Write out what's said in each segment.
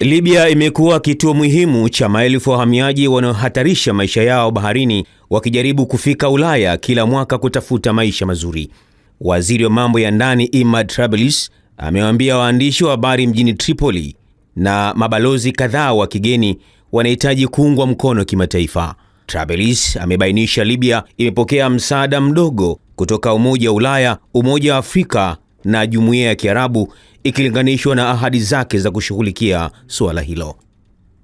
Libya imekuwa kituo muhimu cha maelfu wahamiaji wanaohatarisha maisha yao baharini wakijaribu kufika Ulaya kila mwaka kutafuta maisha mazuri. Waziri wa mambo ya ndani Imad Trabelsi amewaambia waandishi wa habari mjini Tripoli na mabalozi kadhaa wa kigeni wanahitaji kuungwa mkono kimataifa. Trabelsi amebainisha Libya imepokea msaada mdogo kutoka Umoja wa Ulaya, Umoja wa Afrika na Jumuiya ya Kiarabu ikilinganishwa na ahadi zake za kushughulikia suala hilo.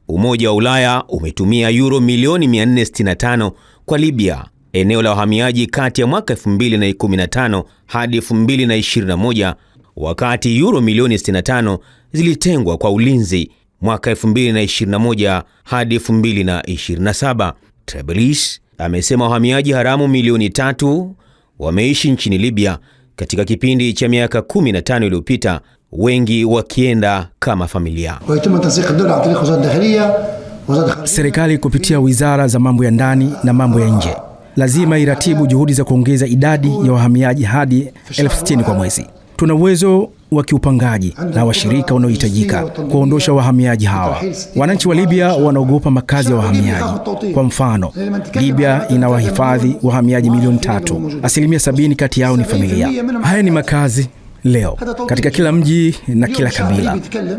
Umoja wa Ulaya umetumia euro milioni 465 kwa Libya, eneo la wahamiaji, kati ya mwaka 2015 hadi 2021, wakati euro milioni 65 zilitengwa kwa ulinzi mwaka 2021 hadi 2027. Teblis amesema wahamiaji haramu milioni tatu wameishi nchini Libya katika kipindi cha miaka 15 iliyopita wengi wakienda kama familia. Serikali kupitia wizara za mambo ya ndani na mambo ya nje lazima iratibu juhudi za kuongeza idadi ya wahamiaji hadi elfu sitini kwa mwezi. Tuna uwezo wa kiupangaji na washirika wanaohitajika kuondosha wahamiaji hawa. Wananchi wa Libya wanaogopa makazi ya wahamiaji. Kwa mfano, Libya ina wahifadhi wahamiaji milioni tatu, asilimia sabini kati yao ni familia. Haya ni makazi Leo katika kila mji na kila kabila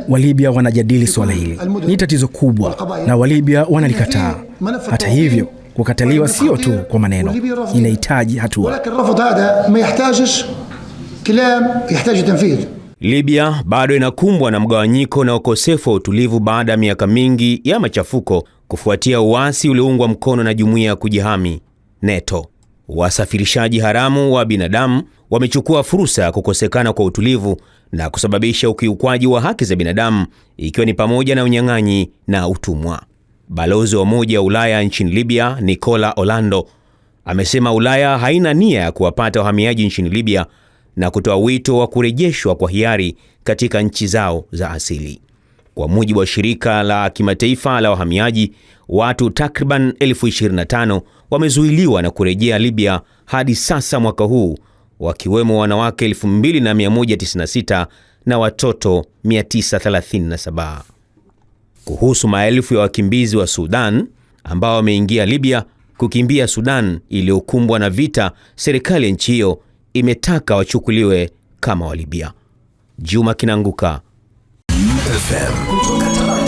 Walibya wanajadili suala hili. Ni tatizo kubwa na Walibya wanalikataa. Hata hivyo, kukataliwa sio tu kwa maneno, inahitaji hatua. Libya bado inakumbwa na mgawanyiko na ukosefu wa utulivu baada ya miaka mingi ya machafuko kufuatia uasi ulioungwa mkono na jumuiya ya kujihami NATO wasafirishaji haramu wa binadamu wamechukua fursa ya kukosekana kwa utulivu na kusababisha ukiukwaji wa haki za binadamu ikiwa ni pamoja na unyang'anyi na utumwa. Balozi wa Umoja wa Ulaya nchini Libya, Nicola Orlando, amesema Ulaya haina nia ya kuwapata wahamiaji nchini Libya na kutoa wito wa kurejeshwa kwa hiari katika nchi zao za asili. Kwa mujibu wa shirika la kimataifa la wahamiaji, watu takriban elfu 25 wamezuiliwa na kurejea Libya hadi sasa mwaka huu, wakiwemo wanawake 2196 na watoto 937. Kuhusu maelfu ya wakimbizi wa Sudan ambao wameingia Libya kukimbia Sudan iliyokumbwa na vita, serikali ya nchi hiyo imetaka wachukuliwe kama Walibia. Juma Kinanguka FM.